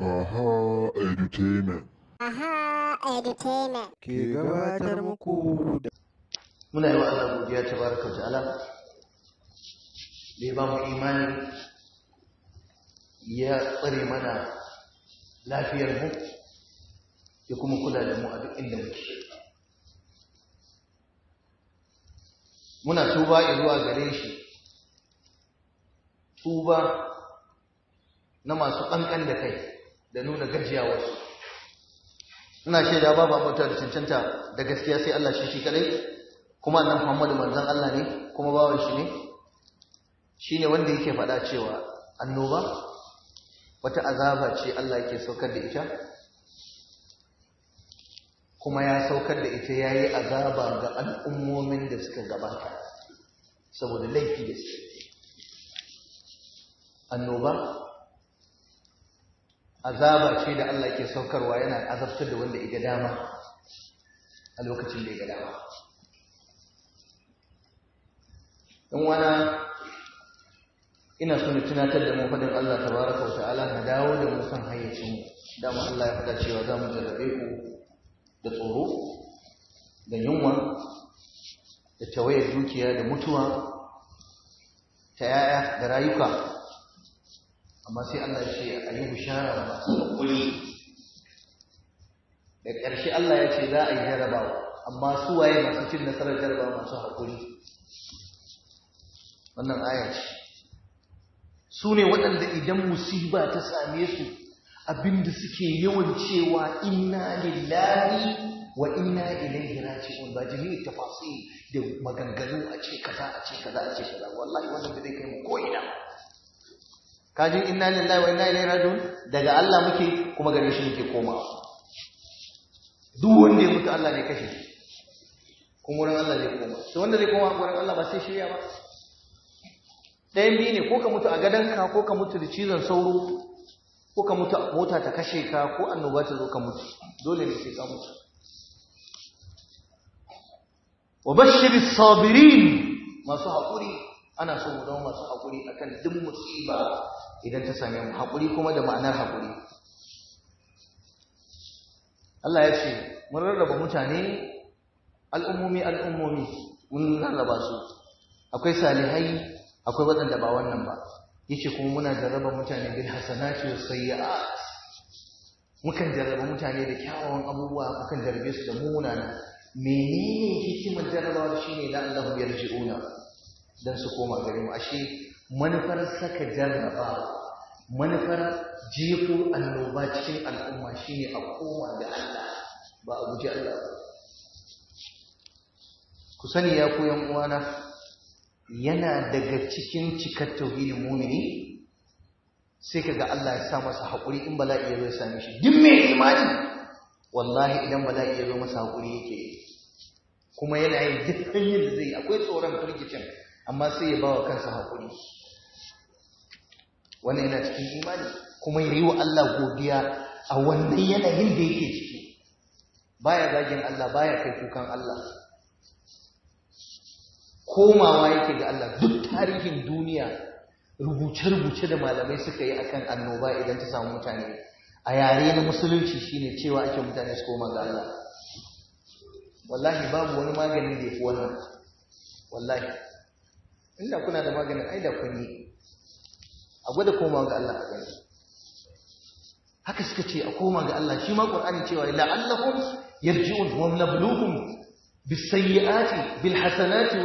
Aha Edutainment. Aha Edutainment. Ke gabatar muku da. Muna yi wa Allah godiya ta baraka ta'ala. Da ya ba mu imani ya tsare mana lafiyar mu ya kuma kula da mu a duk inda muke. Muna tuba zuwa gare shi. Tuba na masu ƙanƙan da kai. da nuna gajiyawarsu ina shaida babu abota da cancanta da gaskiya sai Allah shi shi kadai kuma annabi Muhammadu manzon Allah ne kuma bawan shi ne shine wanda yake faɗa cewa annoba wata azaba ce Allah yake saukar da ita kuma ya saukar da ita yayi azaba ga al'ummomin da suka gabata saboda laifi da su annoba azaba ce da Allah ke saukarwa yana azabtar da wanda iga dama a lokacin da iga dama in wana ina so na tunatar da mu faɗin Allah baraka wa ta'ala na dawo da mu san hayyacin mu dama Allah ya faɗa cewa za mu jarrabe ku da tsoro da yunwa da tawayar dukiya da mutuwa ta yaya da rayuka amma sai Allah ya ce a yi bishara masu hakuri da ƙarshe Allah ya ce za a yi jarabawa amma su waye masu cin nasarar jarabawa masu haƙuri? wannan aya ce su ne waɗanda idan musiba ta same su abinda suke yawan cewa inna lillahi wa inna ilaihi raji'un ba ta fasi da maganganu a ce kaza a ce kaza a ce kaza wallahi wannan da zai kai mu ko ina kaji inna lillahi wa inna ilaihi raji'un daga Allah muke kuma gare shi muke komawa duk wanda ya mutu Allah ne kashe kuma wurin Allah zai koma to wanda zai koma wurin Allah ba sai shirya ba ɗayan biyu ne ko ka mutu a gadonka ko ka mutu da cizon sauro ko ka mutu a mota ta kashe ka ko annoba ta zo ka mutu dole ne sai ka mutu wa bashir sabirin masu haƙuri ana so mu zama masu haƙuri akan duk musiba idan ta same mu haƙuri kuma da ma'anar haƙuri Allah ya ce mun rarraba mutane al'ummomi al'ummomi mun rarraba su akwai salihai akwai waɗanda ba wannan ba yace kuma muna jarraba mutane bil hasanati was sayyi'at mukan jarraba mutane da kyawawan abubuwa mukan jarrabe su da munana menene hikimar jarrabawa shine la Allahu yarji'una dan su koma gare mu ashe manufar saka jarraba. manufar jefo annoba cikin al'umma shine a koma ga Allah ba a guji Allah ba ku sani ya koyan uwana yana daga cikin cikar tauhidin mumini sai ka ga Allah ya sa masa haƙuri in bala'i ya zo ya same shi duk mai imani wallahi idan bala'i ya zo masa haƙuri yake kuma yana yin duk hanyar da zai akwai tsoron firgicin amma sai ya bawa kansa haƙuri Wani yana cikin imani kuma ya yi wa Allah godiya a wannan yanayin da yake ciki baya zagin Allah baya kai kukan Allah komawa yake ga Allah duk tarihin duniya rubuce-rubuce da malamai suka yi akan annoba idan ta samu mutane a yare na musulunci shine cewa ake mutane su koma ga Allah wallahi babu wani maganin da ya fi wannan wallahi inda kuna da maganin ai da kun yi a gwada koma ga Allah a gani haka suka ce a koma ga Allah shi ma Qur'ani cewa la'allahum yarji'un wa nabluhum bisayyati bil-hasanati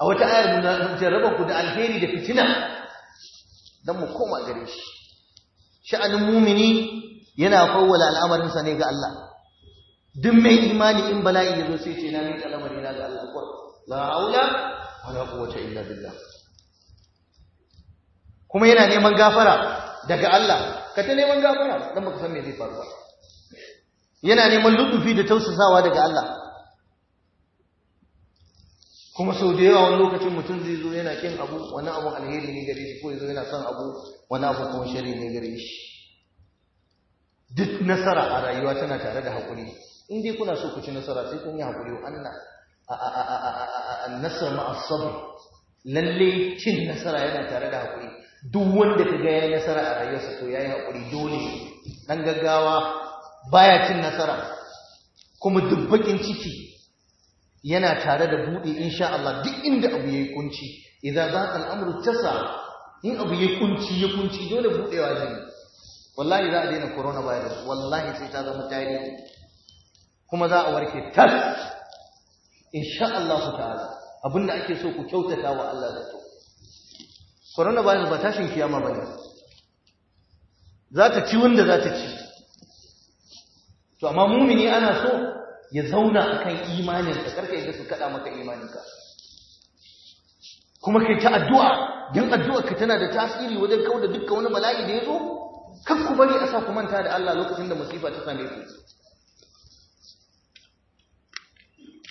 a wata ayar na ku da alheri da fitina don mu koma gare shi sha'anin mumini yana fawwala al'amarinsa ne ga Allah duk mai imani in bala'i ya zo sai ce na miƙa lamarin ga Allah a haula wala quwwata illa billah kuma yana neman gafara daga Allah ka ta neman gafara dan baka san me zai faru ba yana neman lutufi da tausasawa daga Allah kuma sau da yawa wani lokacin mutum zai zo yana kin abu wani abu alheri ne gare shi ko yazo yana son abu wani abu kuma shari ne gare shi duk nasara a rayuwa tana tare da haƙuri in dai kuna so ku ci nasara sai kun yi haƙuri Allah annasar ma'as sabr lalle cin nasara yana tare da hakuri duk wanda ta ga ya nasara a rayuwarsa to yi hakuri dole dan gaggawa baya cin nasara kuma duk bakin ciki yana tare da buɗe insha Allah duk inda abu yi kunci idan za ka al'amuru tasa in abu yayi kunci ya kunci dole buɗewa ne. wallahi za a daina corona virus wallahi sai ta zama tarihi kuma za a warke tas insha Allah ta'ala abinda ake so ku kyautata wa Allah da Corona bayan ba tashin kiyama ba ne za ta ci wanda za ta ci to amma mumini ana so ya zauna akan ka karka yadda su kada maka ka kuma kai ta addu'a don addu'a ka tana da tasiri wajen kawo da dukkan wani bala'i da ya zo kan ku bari a sa ku manta da Allah lokacin da masifa ta same ku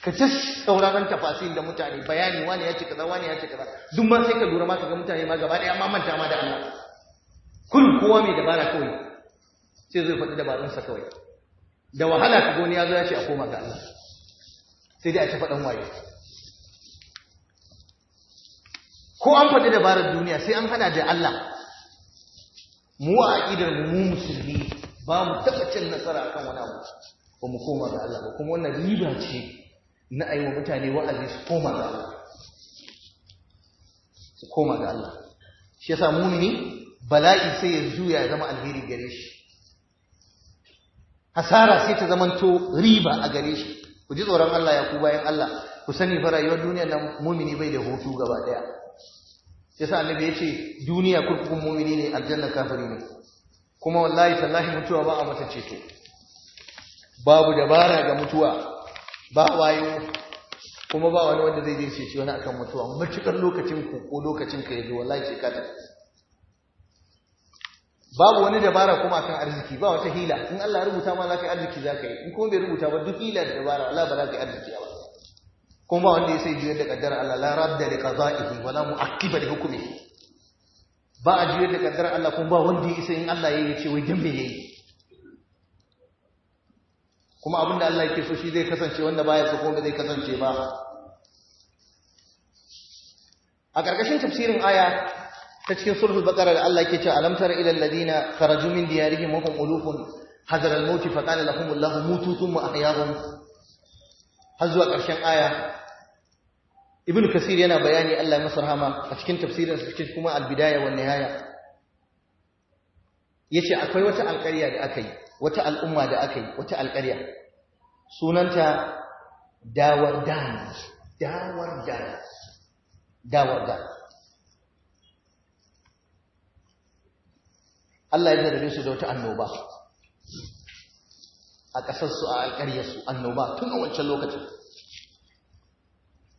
ka ci sauraron tafasin da mutane bayani wani ya ce kaza wani ya ce kaza duk ma sai ka lura ma kaga mutane ma gaba daya ma manta ma da Allah kullum kowa mai dabara kawai sai zai faɗi dabarunsa kawai da wahala ka goni ya zo ya ce a koma ga Allah sai dai a ci faɗan waye ko an faɗi dabarar duniya sai an hana da Allah mu a idan mu musulmi ba mu taɓa cin nasara kan wani abu ba mu koma ga Allah ba kuma wannan riba ce na a yi wa mutane wa'azi su koma ga Allah su koma ga Allah shi samu mumini bala'i sai ya juya ya zama alheri gare shi hasara sai ta zamanto riba a gare shi ku ji tsoron Allah ya ku bayan Allah ku sani fa rayuwar duniya nan mumini bai da hutu gaba daya yasa annabi ya ce duniya kurkukun mumini ne aljanna kafiri ne kuma wallahi tallahi mutuwa ba a mata ceto babu dabara ga mutuwa ba wayo kuma ba wani wanda zai je ceci wani akan mutuwa matukar lokacin ku ko lokacin ka yanzu wallahi ce kata babu wani dabara kuma akan arziki ba wata hila in Allah ya rubuta ma zaka yi arziki zaka yi in kuma bai rubuta ba duk hila da dabara Allah ba zaka yi arziki ba kuma ba wanda ya sai juyar da kaddara Allah la radda li qada'ihi wa la mu'aqqiba li hukmihi ba a juyar da kaddara Allah kuma ba wanda ya sai in Allah ya yi ce wai dan me yayi kuma abinda Allah ke so shi zai kasance wanda baya so kuma zai kasance ba a ƙarƙashin tafsirin aya ta cikin sulhul baqara da Allah ke cewa alam tara ila alladhina kharaju min diyarihim wa hum ulufun hazara al-maut fa qala lahum Allah mutu thumma ahyahum har zuwa ƙarshen aya ibn kasir yana bayani Allah ya masa rahama a cikin tafsirin sa cikin kuma al-bidaya wa nihaya yace akwai wata alƙarya da aka yi wata al'umma da aka yi wata alƙarya sunanta dawar dana dawar dana dawar dana Allah ya zarrabe su da wata annoba a ƙasarsu a alƙaryarsu annoba tun a wancan lokacin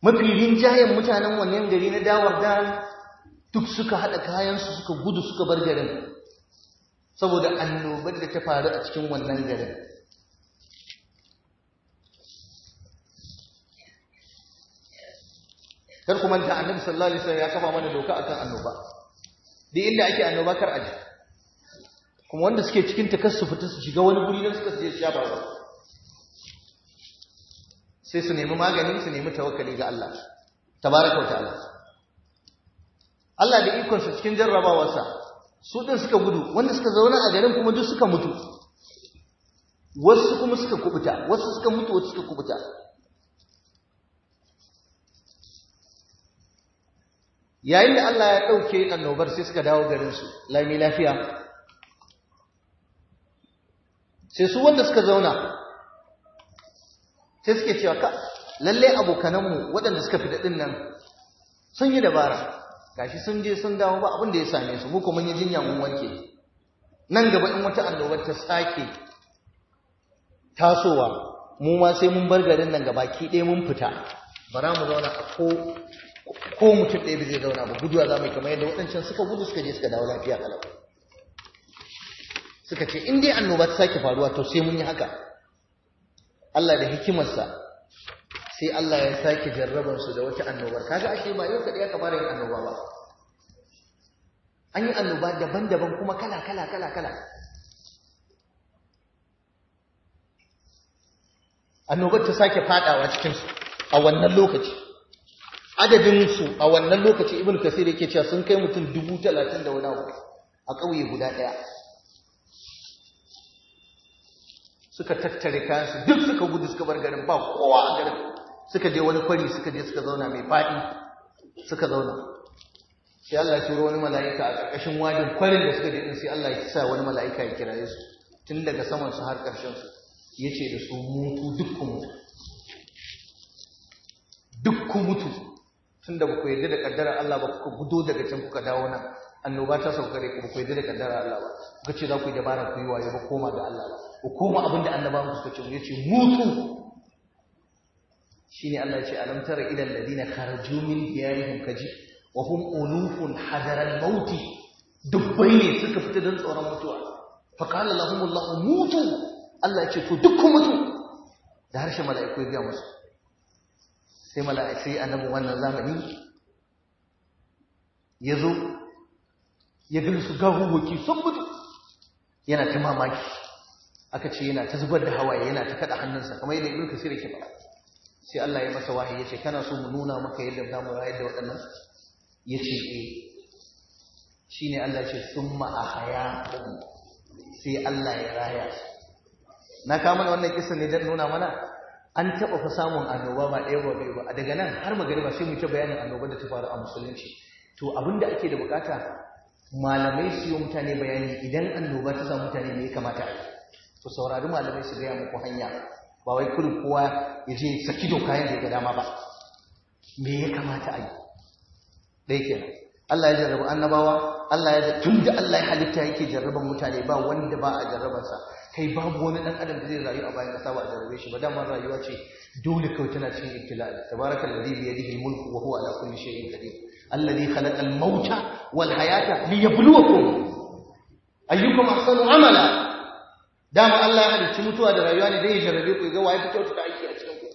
mafi rinjayen mutanen wannan gari na dawar dana duk suka haɗa kayansu suka gudu suka bar garin saboda annobar da ta faru a cikin wannan garin kar kuma da annabi sallallahu alaihi wasallam ya kafa mana doka akan annoba duk inda ake annoba kar aje kuma wanda suke cikin takassufi su fita su shiga wani guri dan suka je su shafa ba sai su nemi magani su nemi tawakkali ga Allah tabaraka wa ta'ala Allah da ikonsa cikin jarrabawarsa su ɗin suka gudu wanda suka zauna a garin kuma duk suka mutu wasu kuma suka kubuta wasu suka mutu wasu suka kubuta yayin da Allah ya ɗauke annobar sai suka dawo garinsu lami lafiya sai su wanda suka zauna sai suke cewa ka lalle abokananmu waɗanda suka fi daɗin nan sun yi dabara gashi sun je sun dawo ba abin da ya same su muku mun yi jinya mun wanke nan gaba in wata annobar ta sake tasowa mu ma sai mun bar garin nan gaba ki ɗaya mun fita bara mu zauna a ko ko mutum ɗaya ba zai zauna ba guduwa za mu yi kamar yadda waɗancan suka gudu suka je suka dawo lafiya kalau suka ce in dai annoba ta sake faruwa to sai mun yi haka Allah da hikimarsa sai Allah ya sake jarraban su da wata annobar kaga ashe ba yau kadai aka fara yin annoba ba an yi annoba daban-daban kuma kala kala kala kala annobar ta sake fadawa cikin su a wannan lokaci adadin su a wannan lokaci ibnu kasir yake cewa sun kai mutum dubu talatin da wani abu a ƙauye guda ɗaya suka tattare su duk suka gudu suka bar garin ba kowa a garin suka je wani kwari suka je suka zauna mai faɗi suka zauna sai Allah ya turo wani mala'ika a ƙarƙashin wadin kwarin da suka je din sai Allah ya sa wani mala'ika ya kiraye su tun daga saman su har ƙarshen su yace da su mutu dukkan mutu dukkan mutu tun da ku yarda da kaddara Allah ba kuka gudo daga can kuka dawo nan annoba ta sauka gare ku yadda yarda da kaddara Allah ba kuka ce za ku yi dabara ku yi waye ba koma ga Allah ba ku koma abinda annabawan suka ce yace mutu shine Allah ya ce alam tara ila alladhina kharaju min diyarihim kaji wa hum unufun hadara al-maut dubbai ne suka fita don tsoron mutuwa fa qala lahum Allah mutu Allah ya ce to duk mutu da harshen mala'iku ya ga musu sai mala'iku sai annabi wannan zamani ya zo ya gani su gahuhoki sun mutu yana ta mamaki aka ce yana ta zubar da hawaye yana ta kada hannunsa kamar yadda ibn kasir yake faɗa sai Allah ya masa wahayi ya ce kana so mu nuna maka yadda za mu rayar da waɗannan ya ce eh shi ne Allah ce sun ma'ahaya sai Allah ya raya su na kama wannan kisan ne don nuna mana an taɓa fa samun annoba ba ɗaya ba biyu ba daga nan har magariba sai mu ta bayanin annoba da ta faru a musulunci to abin da ake da bukata malamai su yi mutane bayani idan annoba ta samu mutane ne ya kamata a saurari malamai su gaya muku hanya ba wai kullum kowa ya je saki doka da ga dama ba me ya kamata a yi dai kenan Allah ya jarraba annabawa Allah ya tunda Allah ya halitta yake jarraban mutane ba wanda ba a jarraban sa kai babu wani dan adam da zai rayu a bayan kasa ba a jarrabe shi ba dama rayuwa ce dole kawai tana cikin ibtila'i ladhi bi yadihi mulku wa huwa ala kulli shay'in qadir alladhi khalaqa al-mauta wal hayata liyabluwakum ayyukum ahsanu amala dama Allah ya halicci mutuwa da rayuwa ne dai ya jarabe ku ga waye fi kyautu da aiki a cikin ku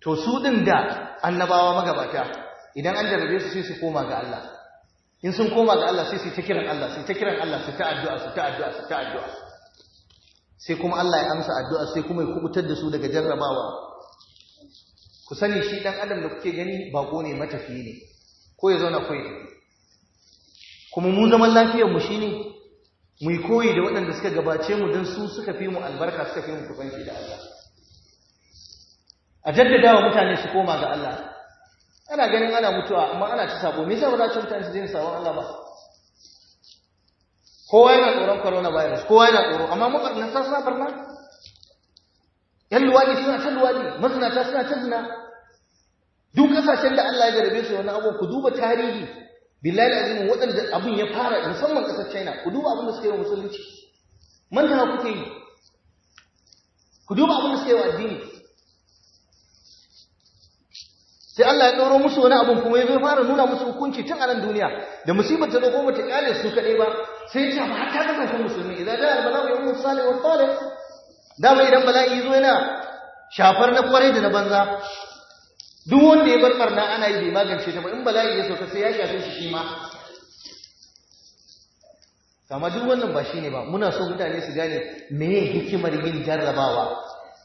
to su din da annabawa magabata idan an jarabe su sai su koma ga Allah in sun koma ga Allah sai su ta kiran Allah sai ta kiran Allah su ta addu'a su ta addu'a su ta addu'a sai kuma Allah ya amsa addu'a sai kuma ya kubutar da su daga jarrabawa ku sani shi dan adam da kuke gani bako ne matafiyi ne ko ya zauna ko ya kuma mu zaman lafiyar mu shine mu yi koyi da waɗanda suka gabace mu don su suka fi mu albarka suka fi mu kusanci da Allah a jaddada wa mutane su koma ga Allah ana ganin ana mutuwa amma ana ta sabo me yasa ba za ta mutane su je sabon Allah ba kowa yana tsoron corona virus kowa yana tsoro amma nasa suna barna yan luwadi suna ta luwadi ta suna ta zina duk kasashen da Allah ya jarabe su wani abu ku duba tarihi billahi azim waɗanda abin ya fara musamman ƙasar china ku duba abin da suke yi musulunci manta kuke yi ku duba abin da suke yi addini sai Allah ya ɗauro musu wani abin kuma ya zai fara nuna musu hukunci tun a nan duniya da musibar ta dogo mata kyale su kaɗai ba sai ta ba ta ga kan musulmi idan da albala'u ya mun salih wa salih dama idan bala'i zo yana shafar na kwarai da na banza duk wanda ya bar barna ana yi bai magance ta ba in bala'i ya sauka sai ya shafe shi shi ma kama duk wannan ba shi ne ba muna so mutane su gane meye hikimar yin jarrabawa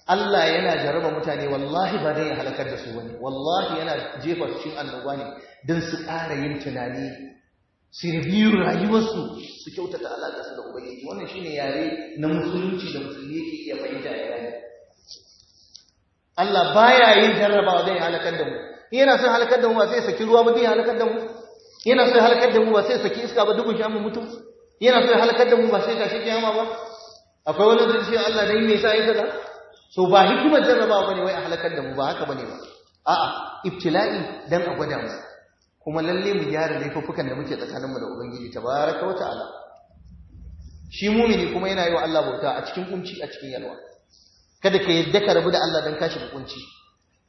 Allah yana jarraba mutane wallahi ba zai halakar da su wani, wallahi yana jefa cikin annoba ne don su ƙara yin tunani su biyu rayuwarsu su kyautata alaƙarsu da ubangiji wannan shine yare na musulunci da musulmi yake iya fahimta ya gane Allah baya yin jarrabawa zai halakar da mu yana son halakar da mu ba sai saki ruwa ba zai halakar da mu yana son halakar da mu ba sai saki iska ba dubun shi mu mutu yana son halakar da mu ba sai tashi kiyama ba akwai wani zai ce Allah dai me yasa ya kaza so ba hikimar jarrabawa bane wai a halakar da mu ba haka bane ba a'a ibtila'i dan a gwada mu kuma lalle mu gyara laifukan da muke tsakaninmu da ubangiji tabaraka wa ta'ala shi mumini kuma yana yi wa Allah bauta a cikin kunci a cikin yalwa kada ka yadda ka rabu da Allah don kashi da kunci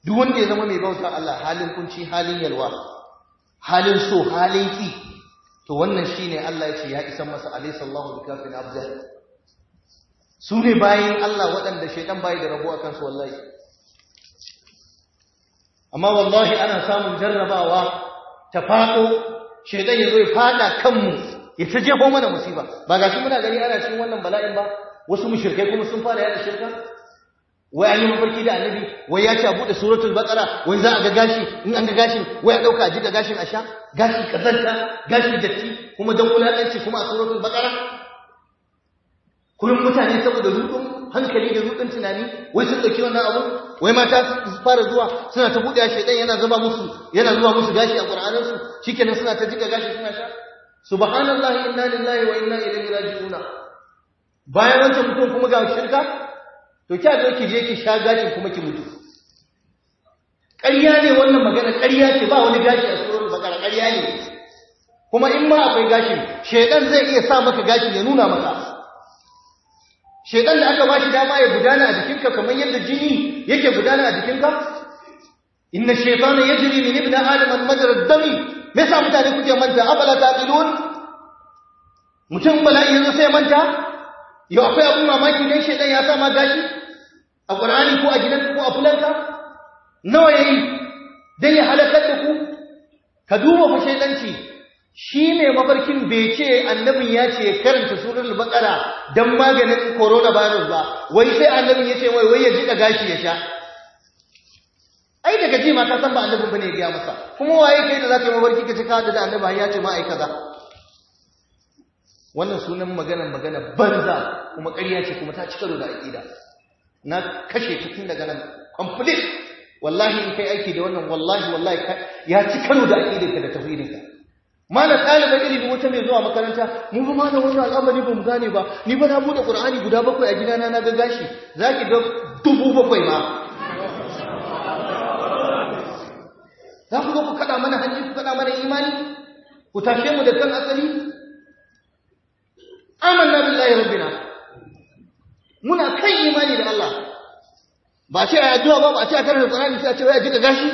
duk wanda ya zama mai bauta Allah halin kunci halin yalwa halin so halin ki to wannan shine Allah ya ce ya isan masa alayhi sallahu bikafin abda su ne bayan Allah waɗanda shaidan bayi da rabo akan su wallahi amma wallahi ana samun jarrabawa ta faɗo shaidan ya zo ya faɗa kanmu ya ta jefo mana musiba ba ga shi muna gani ana cikin wannan bala'in ba wasu mushrikai kuma sun fara yaɗa shirka wai an yi mafarki da annabi wai ya ce a buɗe suratul baqara wai za a ga gashi in an ga gashin wai a ɗauka a ji da gashin a sha gashi kazanta gashi datti kuma dan wulaƙanci kuma a suratul baqara kullum mutane saboda rudin hankali da rudin tunani wai sun ɗauki wannan abu wai mata su fara zuwa suna ta buɗe shaidan yana zuba musu yana zuba musu gashi a ƙur'anin su shikenan suna ta jika gashi suna sha subhanallahi inna lillahi wa inna ilaihi raji'un bayan wancan mutum kuma ga shirka to ki zo ki je ki sha gashin kuma ki mutu ƙarya ne wannan magana ƙarya ce ba wani gashi a surun bakara ƙarya ne kuma in ma akwai gashin shedan zai iya sa maka gashi ya nuna maka shedan da aka bashi dama ya gudana a jikinka kamar yadda jini yake gudana a jikinka inna shaytana yajri min ibn adam al-majra ad-dami me yasa mutane kuke manta abala taqilun mutum bala'i yanzu sai manta yau akwai abun mamaki ne shedan ya sa ma gashi a ƙwar'ani ko a gidan ko a fulanka nawa ya yi don ya halakar da ku ka duba fa shaidanci shi mai mafarkin bai ce annabin ya ce karanta surar bakara don maganin coronavirus ba wai sai annabin ya ce wai wai ya jiƙa gashi ya sha ai daga ji ma ka san ba annabin bane ya masa kuma waye kai da za ka yi mafarki ka ci ka da annabi ya ce ma wannan sunan maganar magana banza kuma ƙarya ce kuma ta ci karo da aƙida na kashe ka tun daga nan complete wallahi in kai aiki da wannan wallahi wallahi ya ci karo da aqidarka da tauhidinka malam ɗaliban ilimi wata mai zuwa makaranta mu ba malam wannan al'amari ba mu gane ba ni ba na bude qur'ani guda bakwai a gidana na ga gashi zaki ga dubu bakwai ma za ku zo ku kaɗa mana hanji ku kaɗa mana imani ku tashe mu da kan asali amanna billahi rabbina muna kan imani da Allah ba ce a addu'a ba ba ce a da Qur'ani sai a ce wai jika gashi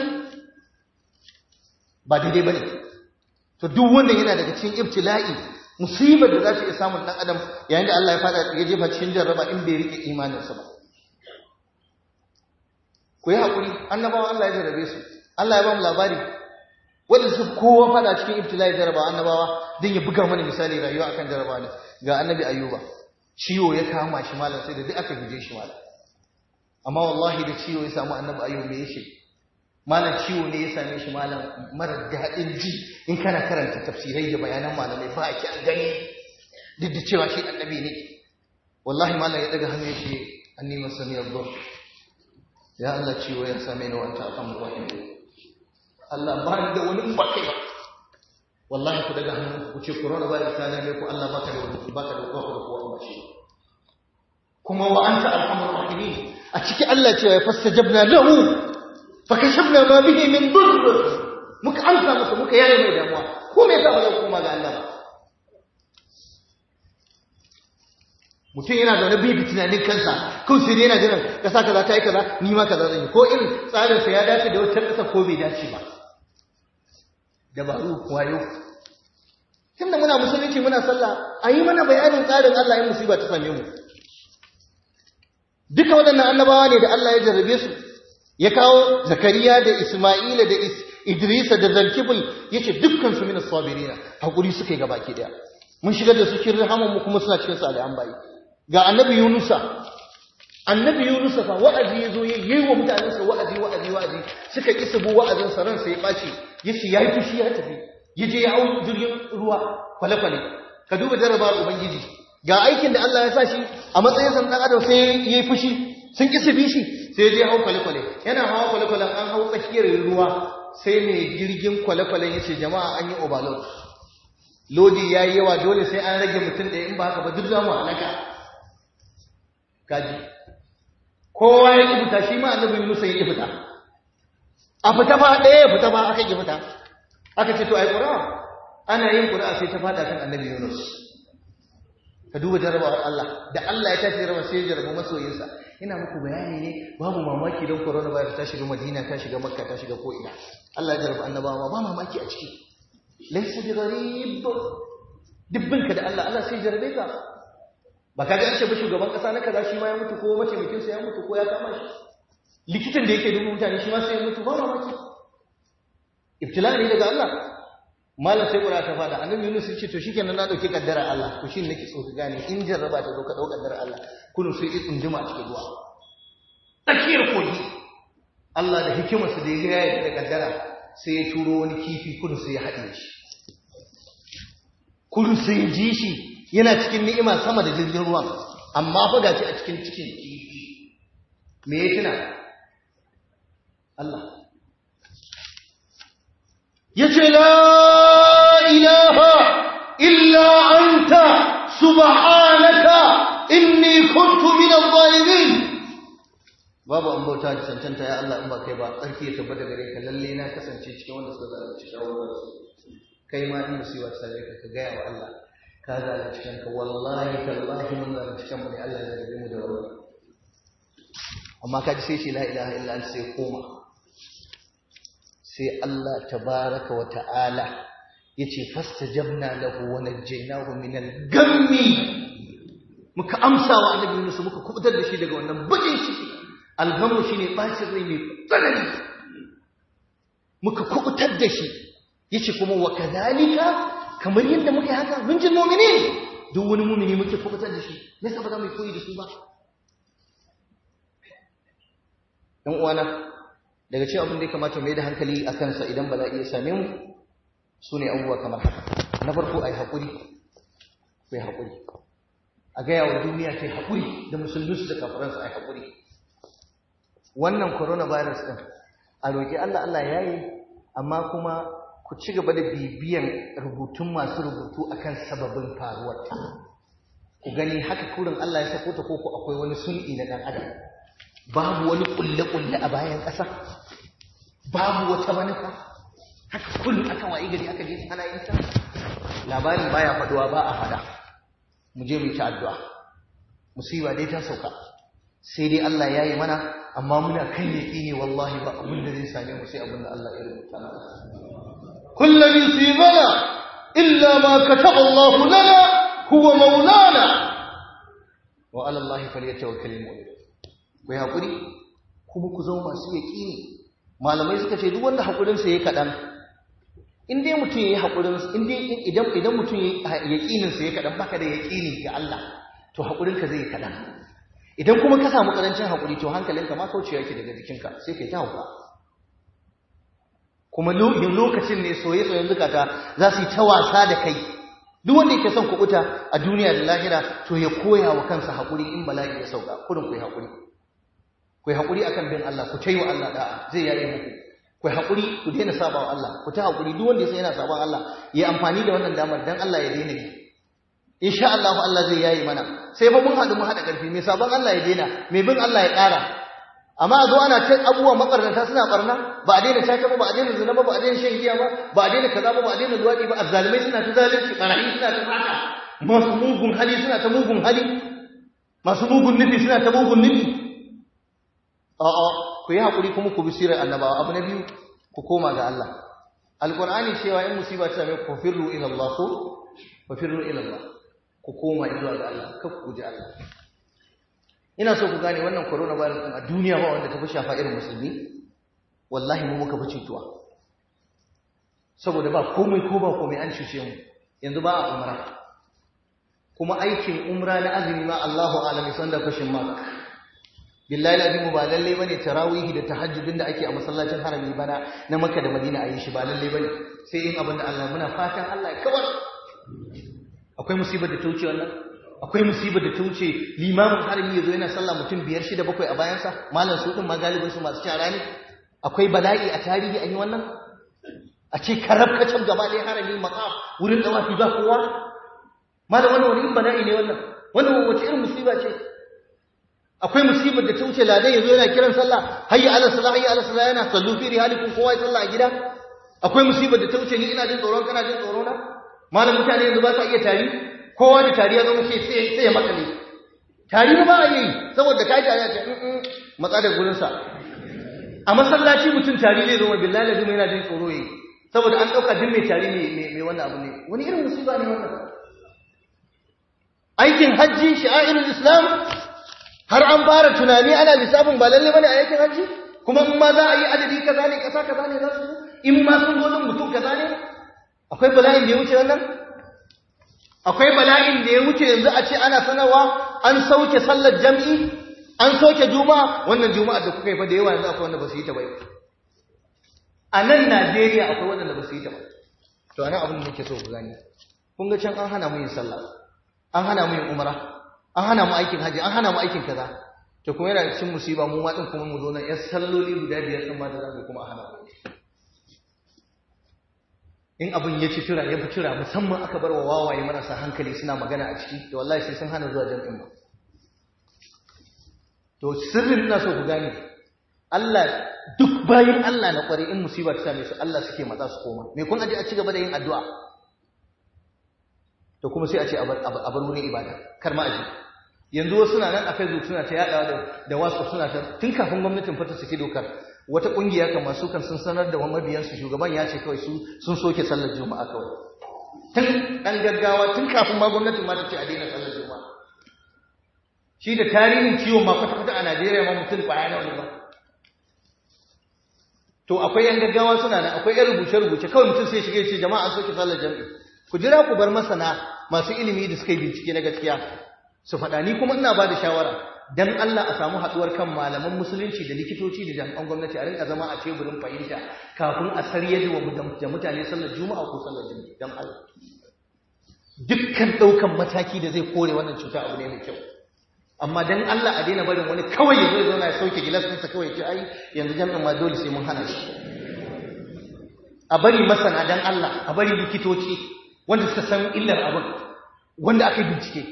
ba daidai bane to duk wannan yana daga cikin ibtila'i musibar da za ta iya samun dan adam yayin da Allah ya fada ya jefa cikin jarraba in bai rike sa ba ku yi hakuri, annabawa Allah ya jarrabe su Allah ya ba mu labari wanda su kowa fada cikin iftila'i, jarraba annabawa din ya buga mana misali rayuwa akan jarraba ne ga annabi ayyuba ciwo ya kama shi malam sai da duk aka guje shi malam amma wallahi da ciwo ya samu annabi ayo me yake malam ciwo ne ya same shi malam mara daɗin ji in kana karanta tafsirai da bayanan malamai ba a ki an gani duk da cewa shi annabi ne wallahi malam ya daga hannu yake anni masani abdur ya Allah ciwo ya same ni wanta akan wahimi Allah ba da wani bakai wallahi ku daga hannun ku ce corona virus ta ne ku Allah baka da wani baka da kofa da kowa ba shi kuma wa anta arhamur rahimin a ciki Allah ce ya jabna lahu fa kashafna ma bihi min durr muka amsa masa muka yare mai damuwa ko me yasa ba zai koma ga Allah ba mutum yana zaune bai bi tunanin kansa kawai sai yana jiran kasa kaza ta yi kaza ni ma kaza zan yi ko in tsarin sa ya dace da wata kasa ko bai dace ba dabaru kwayo tunda muna musulunci muna sallah a yi mana bayanin tsarin Allah yin musiba ta same mu duka waɗannan annabawa ne da Allah ya jarrabe su ya kawo zakariya da isma'ila da idrisa da zalkibul ya ce dukkansu su sabirina haƙuri suka yi gaba ke daya mun shigar da su cikin rahaman mu kuma suna cikin an bayi ga annabi yunusa annabi yunusa fa wa'azi ya zo yi wa mutanensa wa'azi wa'azi wa'azi suka isa bu wa'azin sa ransa ya ɓaci ya ce ya yi fushi ya tafi ya je ya hau jirgin ruwa kwale-kwale ka duba jarabar ubangiji ga aikin da Allah ya sa shi a matsayin san dan adam sai ya yi fushi sun ki su bi shi sai je hau kwale-kwale yana hawa kwale-kwalen an hau tsakiyar ruwa sai mai jirgin kwale-kwalen ya ce jama'a an yi overload lodi ya yi yawa dole sai an rage mutum ɗaya in ba haka ba duk za mu halaka gaji kowa ya ƙi fita shi ma annabin musa ya ƙi fita a fita ba ɗaya eh, fita ba aka yi fita aka ce to ai ƙura ana yin ƙura sai ta faɗa kan annabi yunus ka duba jarabawar Allah da Allah ya tafi jaraba sai ya jarabu masoyinsa ina muku bayani ne babu mamaki don korona coronavirus ta shiga madina ta shiga makka ta shiga ko'ina Allah ya jarabu annabawa ba mamaki a ciki laisa bi gharib dibbinka da Allah Allah sai jarabe ka ba ka ga an ce ba shugaban kasa na kaza shi ma ya mutu ko mataimakin sa ya mutu ko ya kama shi likitan da yake dubu mutane shi ma sai mutu ba mamaki ibtila ne daga Allah malam sai kura ta fada annabi Yunus ya ce to nan na dauke kaddara Allah to shin nake so ka gane in jarraba ta zo ka dauka kaddara Allah kullu sai ya tsunduma a cikin ruwa tsakiyar kogi Allah da hikimar hikimarsa da ya ga da kaddara sai ya turo wani kifi kullu sai ya haɗe shi Kudu sai ya ji shi yana cikin ni'ima sama da jirgin ruwa amma fa gashi a cikin cikin kifi me ya tuna Allah yace la ilaha illa anta subhanaka inni kuntu minadh zalimin babu an bauta da cancanta ya Allah in ba kai ba tsarki ya tabbata gare ka lalle na kasance cikin wanda suka zalunci shawarar kai ma in musiba ta sare ka gaya wa Allah ka zalunci kanka wallahi ka tallahi mun zalunci kanmu ne Allah ya zarge mu da wannan amma kaji sai shi la ilaha illa anta sai koma sai Allah tabaraka wa ta'ala ya yace fasta lahu wa najjaynahu min al-gammi muka amsa wa annabi Yunus muka kubutar da shi daga wannan bugin shi alhamu shi ne bacin rai mai tsanani muka kubutar da shi Ya ce kuma wa kadalika kamar yadda muka yi haka mun jin mumini duk wani mu'mini muke kubutar da shi me yasa ba za mu koyi da shi ba dan uwana daga cikin abin da ya kamata mai da hankali a kansa idan ba za iya same mu su ne abubuwa kamar haka na farko a yi haƙuri ku yi haƙuri a gaya wa duniya ke yi haƙuri da musulmi su da kafaransu a yi haƙuri wannan coronavirus ɗin a roƙi allah allah ya yi amma kuma ku ci gaba da bibiyan rubutun masu rubutu akan sababin faruwar ta ku gani haka kurin allah ya sako ta ko akwai wani sun'i na ɗan adam babu wani kulle-kulle a bayan ƙasa babu wata manufa haka kullu aka wayi gari aka je ana yin ta labarin baya faduwa ba a fada mu je mu ci addu'a musiba dai ta sauka sai dai Allah ya yi mana amma muna kan yaƙi ne wallahi ba abin da zai same mu sai abin da Allah ya rubuta mana kullu yusibana illa ma kataba Allah lana huwa maulana wa ala Allah falyatawakkalul mu'min ku yi haƙuri kuma ku zama masu yaƙini malamai suka ce duk wanda haƙurinsa ya kaɗan in dai mutum ya yi haƙurin idan idan mutum yaƙininsa ya kaɗan baka da yaƙini ga Allah to haƙurinka zai yi kaɗan idan kuma ka samu ƙarancin haƙuri to hankalinka ma kaucewa yake daga jikinka sai kai ta hauka kuma lokacin ne soye-soyen zukata za su yi ta wasa da kai duk wanda yake son kuɓuta a duniya da lahira to ya koya wa kansa haƙuri in bala'i ya sauka kurin ku yi haƙuri ku yi haƙuri akan bin Allah ku taiwa Allah da'a zai yaye muku ku yi haƙuri ku daina saba wa Allah ku ta haƙuri duk wanda ya san yana saban Allah ya amfani da wannan damar dan Allah ya daina yi insha Allah Allah zai yaye mana sai fa mun haɗu mu haɗa ƙarfi mai saban Allah ya daina mai bin Allah ya ƙara amma a zo ana cin abubuwa makarnata suna ɓarna ba a daina caca ba ba a daina zina ba ba a daina shan giya ba ba a daina kaza ba ba a daina luwaɗi ba azzalimai suna ta zalunci ƙarayi suna ta fata masu mugun hali suna ta mugun hali masu mugun nufi suna ta mugun nufi a'a ku yi haƙuri kuma ku bi sirar annabawa abu na biyu ku koma ga Allah alqur'ani cewa in musiba ta same ku firru ila Allah so ku firru ila Allah ku koma zuwa ga Allah ka ku ji Allah ina so ku gane wannan corona virus din a duniya ba wanda ta fi shafa irin musulmi wallahi mu muka fi cutuwa saboda ba komai ko ba komai an cuce mu yanzu ba a umra kuma aikin umra na azumi ma Allahu alami sanda fashin maka. billahi lazimu ba lalle bane tarawihi da tahajjudin da ake a masallacin harami bana na makka da madina a yi shi ba lalle bane sai yin abin da Allah muna fatan Allah ya kawar akwai musibar da ta wuce wannan akwai musibar da ta wuce limamin harami yazo yana sallah mutum biyar shida bakwai a bayansa malam su din ma galibin su masu shara ne akwai bala'i a tarihi an yi wannan a ce karabkacin gaba ɗaya harami maka wurin dawafi ba kowa malam wannan wani bala'i ne wannan wannan wace irin musiba ce akwai musibar da ta wuce ladan yanzu yana kiran sallah hayya ala sallah, hayya ala sallah, yana sallu fi rihalikum kowa ya sallah a gida akwai musibar da ta wuce ni ina jin tsoron kana jin tsoro na malam mutane yanzu ba sa iya tari kowa da tari ya zo muke sai sai ya ne tari ba a yi saboda kai tari ta matsa da gurin sa a masallaci mutum tari zai zo billahi lazim yana jin tsoro yayi saboda an dauka din mai tari ne mai wannan abu ne wani irin musiba ne wannan aikin hajji shi'airul islam har an fara tunani ana lissafin ba lalle bane a yakin hajji kuma in ma za a yi adadi kaza ne kasa kaza ne za su in ma sun zo mutum kaza ne akwai bala'in da ya wuce wannan akwai bala'in da ya wuce yanzu a ce ana sanarwa an sauke sallar jam'i an sauke juma'a wannan juma'a da kuka yi fa da yawa yanzu akwai wanda ba su yi ta ba a nan Najeriya akwai wanda ba su yi ta ba to anan abin da nake so ku gani kun ga can an hana mu yin sallah an hana mu yin umara an hana mu aikin haji an hana mu aikin kaza to kuma yana cikin musiba mu ma din kuma mu zo nan yan salloli guda biyar din ma da zaka kuma a hana in abin ya ci tura ya fi tura musamman aka bar wa wawaye marasa hankali suna magana a ciki to wallahi sai sun hana zuwa jami'in ba to sirrin ina so ku gane Allah duk bayan Allah na kware in musiba ta same su Allah suke matsa su koma me kun aje a ci gaba da yin addu'a to kuma sai a ce a bar wurin ibada kar ma aji yanzu wasu suna nan a facebook suna ta yadawa da wasu suna ta tun kafin gwamnatin fata suke dokar wata kungiya kamar su kan sun sanar da mabiyansu shugaban ya ce kawai sun soke sallar juma'a kawai tun dan gaggawa tun kafin ma gwamnatin ma ta ce a daina sallar juma'a shi da tarihin ciwon ma kwata-kwata a najeriya ma mutum kwaya ne ba to akwai yan gaggawa suna nan akwai yan rubuce-rubuce kawai mutum sai shige ce jama'a soke sallar jami'i ku jira ku bar masana masu ilimi da suka yi bincike na gaskiya su faɗa ni kuma ina ba da shawara dan Allah a samu haɗuwar kan malaman musulunci da likitoci da jami'an gwamnati a rinka zama a teburin fahimta kafin a sarye da mutane sallar juma'a ko sallar juma'a dan Allah dukkan ɗaukan mataki da zai kore wannan cuta abu ne mai kyau amma dan Allah a daina barin wani kawai ya zo ya sauke gilas ɗinsa kawai ya ce ai yanzu jami'an ma dole sai mun hana shi a bari masana dan Allah a bari likitoci wanda suka san illar abin wanda aka bincike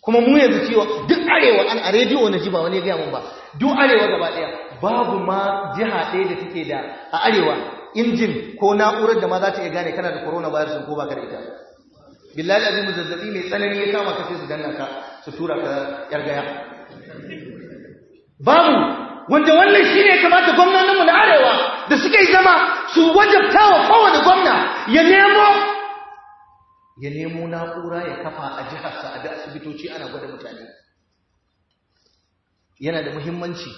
kuma mu yanzu cewa duk arewa an a rediyo na ji ba wani gaya mun ba duk arewa gaba daya babu ma jiha ɗaya da take da a arewa injin ko na'urar da ma za ta iya gane kana da coronavirus ko ba ka da ita billahi azim zazzabi mai tsanani ya kama ka sai su danna ka su tura ka yar gaya. babu wanda wannan shi ne kamata gwamnoninmu na arewa da suka yi zama su wajabta wa kowane gwamna ya nemo ya nemo na'ura ya kafa a jiharsa a da asibitoci ana gwada mutane yana da muhimmanci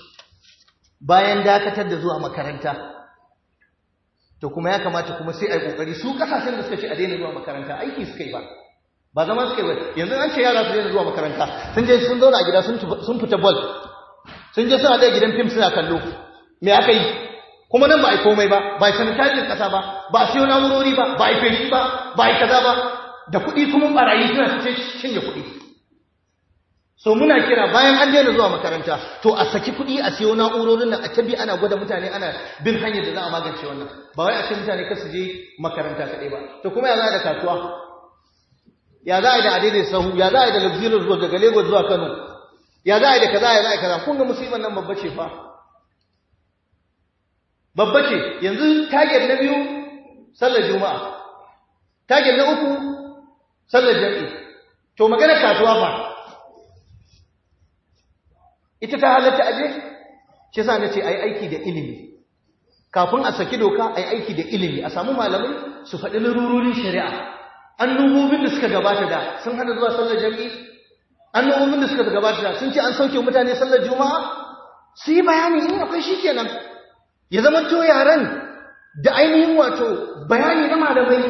bayan dakatar da zuwa makaranta to kuma ya kamata kuma sai a yi ƙoƙari su kasashen da suka ce a daina zuwa makaranta aiki suka yi ba ba zama suka yi ba yanzu an ce yara su daina zuwa makaranta sun je sun zauna a gida sun fita bol sun je suna daya gidan fim suna kallo me aka yi kuma nan ba a yi komai ba ba a yi tajin ƙasa ba ba a siyo na'urori ba ba a yi ba ba a yi kaza ba da kuɗi kuma barayi suna cinye kuɗi so muna kira bayan an daina zuwa makaranta to a saki kuɗi a siyo na'urorin nan a can bi ana gwada mutane ana bin hanyar da za a magance wannan ba wai a ce mutane kar su je makaranta kaɗai ba to kuma ya za da kasuwa ya za a yi da adaidai sahu ya za a yi da luxurious zuwa daga lagos zuwa kano ya za a yi da kaza ya za a yi kaza kun ga musulman nan babba ce fa babba ce yanzu tagen na biyu sallar juma'a tagen na uku sallar jami'i to magana kasuwa fa ita ta halatta aje shi sa na ce a yi aiki da ilimi kafin a saki doka a yi aiki da ilimi a samu malamai su faɗi lururin shari'a an nubobin da suka gabata da sun hana zuwa sallar jami'i annabawan da suka gabata sun ce an sauke mutane sallar juma'a su yi bayani in akwai shi kenan ya zama to yaren da ainihin wato bayani na malamai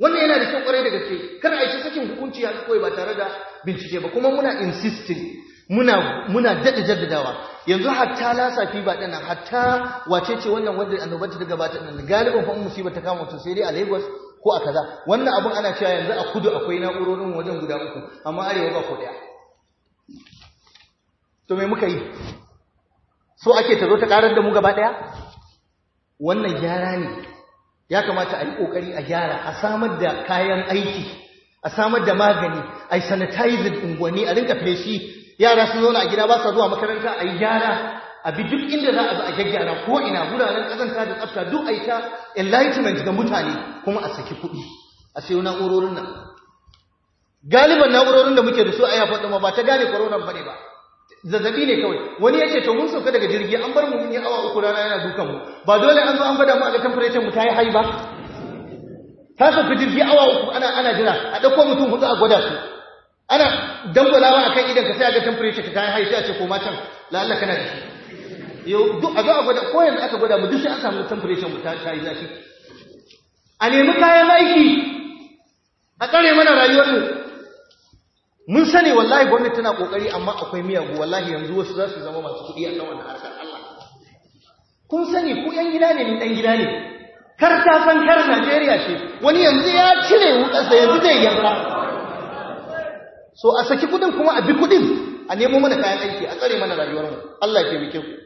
wannan yana da kyau kwarai da gaske kar a shi sakin hukunci ya kawai ba tare da bincike ba kuma muna insisting muna muna dada jaddadawa yanzu hatta lasafi ba ɗana, hatta wace ce wannan wanda annobar ta gabata nan galibin fa musibar ta kama to sai dai a Lagos ko a kaza wannan abun ana cewa yanzu a kudu akwai na'urorin wajen guda uku amma arewa ba ko daya to me muka yi so ake ta zo ta karar da mu gaba daya wannan gyara ne ya kamata a yi kokari a gyara a samar da kayan aiki a samar da magani a sanitizing unguwanni a rinka feshi yara su zauna a gida ba sa zuwa makaranta a yi gyara abi duk inda za a zo a gyaggyara ko ina guraren kazanta da tsafta duk aita enlightenment ga mutane kuma a saki kuɗi a sayo na'urorin nan galiban na'urorin da muke da su a yafa ɗama ba ta gane corona ba ne ba zazzabi ne kawai wani ya ce to mun sauka daga jirgi an bar mu mun yi awa uku rana yana dukan mu ba dole an zo an gwada mu a ga temperature mu ta yi hai ba ta sauka jirgi awa uku ana ana jira a ɗauko mutum hudu a gwada su ana dangwalawa akan idan ka sai a ga temperature ta yi hai sai a ce ko matan la'alla kana da shi yau a zo a gwada ko yanzu aka gwada mu duk sai an samu temperature mu ta yi zafi a nemi kayan aiki a tsare mana rayuwar mu mun sani wallahi gwamnati tana kokari amma akwai miyagu wallahi yanzu wasu za su zama masu kuɗi a kan wannan harkar Allah kun sani ku yan gida ne ni dan gida ne kar ta san kar Najeriya ce wani yanzu ya cire wukarsa yanzu zai yanka so a saki kuɗin kuma a bi kuɗin a nemo mana kayan aiki a tsare mana rayuwar mu Allah ya taimake ku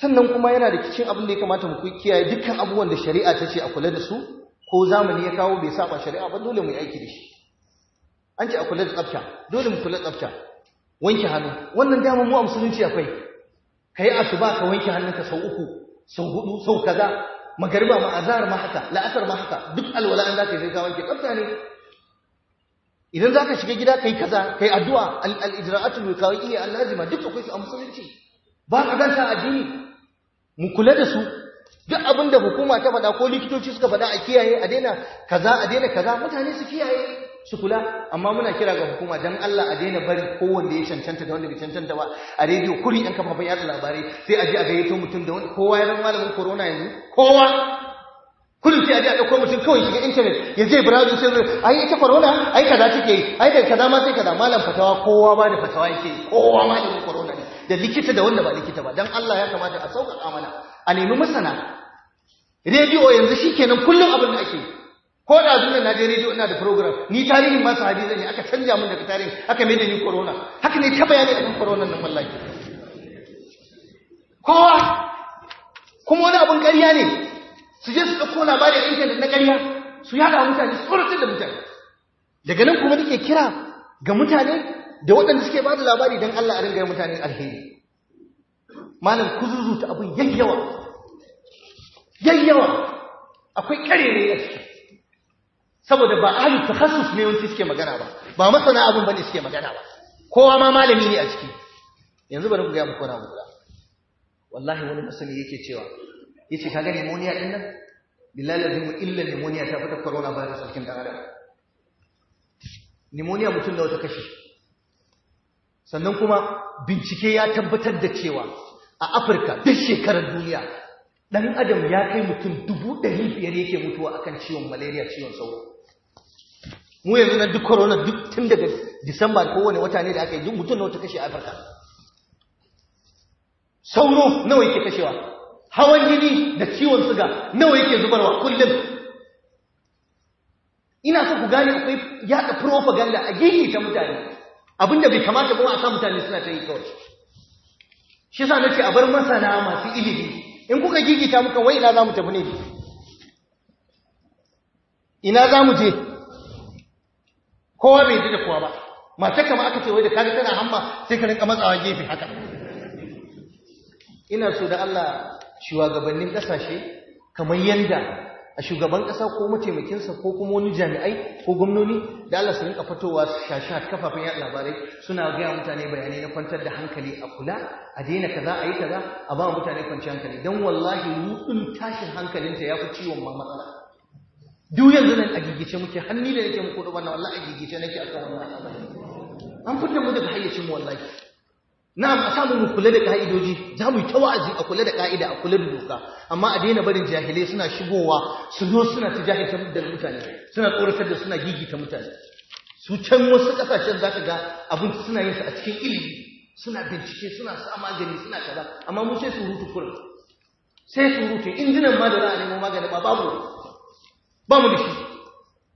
sannan kuma yana da cikin abin da ya kamata mu kiyaye dukkan abubuwan da shari'a ta ce a kula da su ko zamani ya kawo bai saba shari'a ba dole mu yi aiki da shi an ce a kula da tsafta dole mu kula da tsafta wanke hannu wannan dama mu a musulunci akwai kai asuba ka wanke hannunka sau uku sau hudu sau kaza magariba ma azhar ma haka la'asar ma haka duk alwala an zaka sai ka wanke tsafta ne idan zaka shiga gida kai kaza kai addu'a al-ijra'atul wiqaiya al-lazima duk akwai su a musulunci ba ka ganta addini mu kula da su duk abin da hukuma ta faɗa ko likitoci suka faɗa a kiyaye a daina kaza a daina kaza mutane su kiyaye su kula amma muna kira ga hukuma dan Allah a daina bari kowanne ya cancanta da wanda bai cancanta ba a rediyo kuri ɗan kafafen yaɗa labarai sai a je a gayyato mutum da wani kowa ya zama malamin corona yanzu kowa kullum sai a je a ɗauko mutum kawai shiga intanet ya je brazil sai zai yi ita corona yi kaza take yi ai da kaza ma sai kaza malam fatawa kowa ba da fatawa yake kowa ma da da likita da wanda ba likita ba don Allah ya kamata a sauka mana a nemi masana rediyo yanzu shi kenan kullum abin da ake ko da zuwa na je rediyo ina da program ni tarihin masu hadiza ne aka canja min daga tarihin aka mai da ni corona haka ne ta bayani akan corona nan wallahi kowa kuma wani abin ƙarya ne su je su ɗauko labarin intanet na ƙarya su yada mutane su da mutane daga nan kuma nake kira ga mutane da waɗanda suke ba da labari don Allah a ringa yi mutane alheri malam ta abin yayyawa yayyawa akwai ne a ciki saboda ba ta hasus ne yawanci suke magana ba ba masana abin bane suke magana ba kowa ma malami ne a ciki yanzu bari ku gaya muku na guda wallahi wani masani yake cewa yace ka ga pneumonia din nan billahi mu illa nemoniya ta fita corona virus cikin dan adam nemoniya mutum da wata kashi sannan kuma bincike ya tabbatar da cewa a afirka duk shekarar duniya ɗan adam ya kai mutum dubu ɗari biyar yake mutuwa akan ciwon malaria ciwon sauro mu yanzu na duk corona duk tun daga disamba wani wata ne da aka yi duk mutum na wata kashe a afirka sauro nawa yake kashewa hawan jini da ciwon suga nawa yake zubarwa kullum ina so ku gane akwai yaɗa propaganda a gini ta mutane abin da bai kamata kuma a sa mutane suna ta yi kawai shi sa nace a bar masana masu ilimi in kuka gigita muka wai ina za mu tafi ne ina za mu je kowa bai ji da kowa ba mata kama aka ce wai da kaga tana hamma sai ka rinka matsawa gefe haka ina so da Allah shugabannin kasashe kamar yanda a shugaban ƙasa ko mataimakinsa ko kuma wani jami'ai ko gwamnoni da Allah su rinka fitowa shashat kafafen yaɗa labarai suna gaya mutane bayanai na kwantar da hankali a kula a daina kaza a yi kaza a ba mutane kwanci hankali don wallahi rudin tashin hankalinta ya fi ciwon ma matsala duk yanzu nan a gigice muke hannu da nake muku da wannan wallahi a gigice nake a wannan an fitar mu daga hayyacin wallahi na'am a samun kula da ka'idoji za mu yi ta wa'azi a kula da ka'ida a kula da doka amma a daina barin jahilai suna shigowa su zo suna ta jahilta da mutane suna tsoratar da suna gigita mutane su can wasu kasashen za ka ga abin suna yin su a cikin ilimi suna bincike suna sa magani suna kaza amma mu sai rutu kurin sai surutu injinan ma da za a nemo magani ba babu ba mu da shi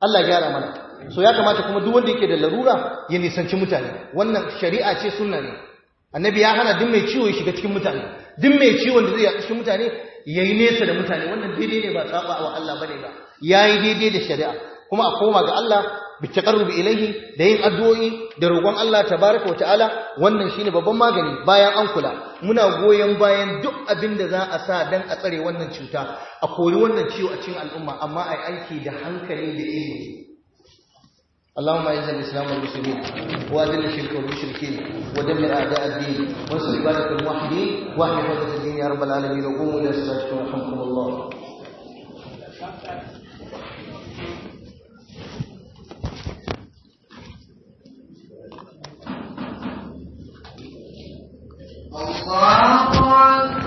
Allah gyara mana so ya kamata kuma duk wanda yake da larura ya nisanci mutane wannan shari'a ce sunna ne annabi ya hana duk mai ciwo ya shiga cikin mutane duk mai ciwon da zai a cikin mutane ya yi nesa da mutane wannan daidai ne ba tsaba wa Allah bane ba ya yi daidai da shari'a kuma a koma ga Allah bi taqarrubi ilaihi da yin addu'o'i da roƙon Allah tabaraka wa ta'ala wannan shine babban magani bayan an kula muna goyon bayan duk abin da za a sa dan a tsare wannan cuta a kori wannan ciwo a cikin al'umma amma ai aiki da hankali da ilimi اللهم اعز الاسلام والمسلمين واذل الشرك والمشركين ودمر اعداء الدين وانصر عبادك الموحدين واحفظ حوزه الدين يا رب العالمين وقوموا الى صلاتكم ورحمكم الله الله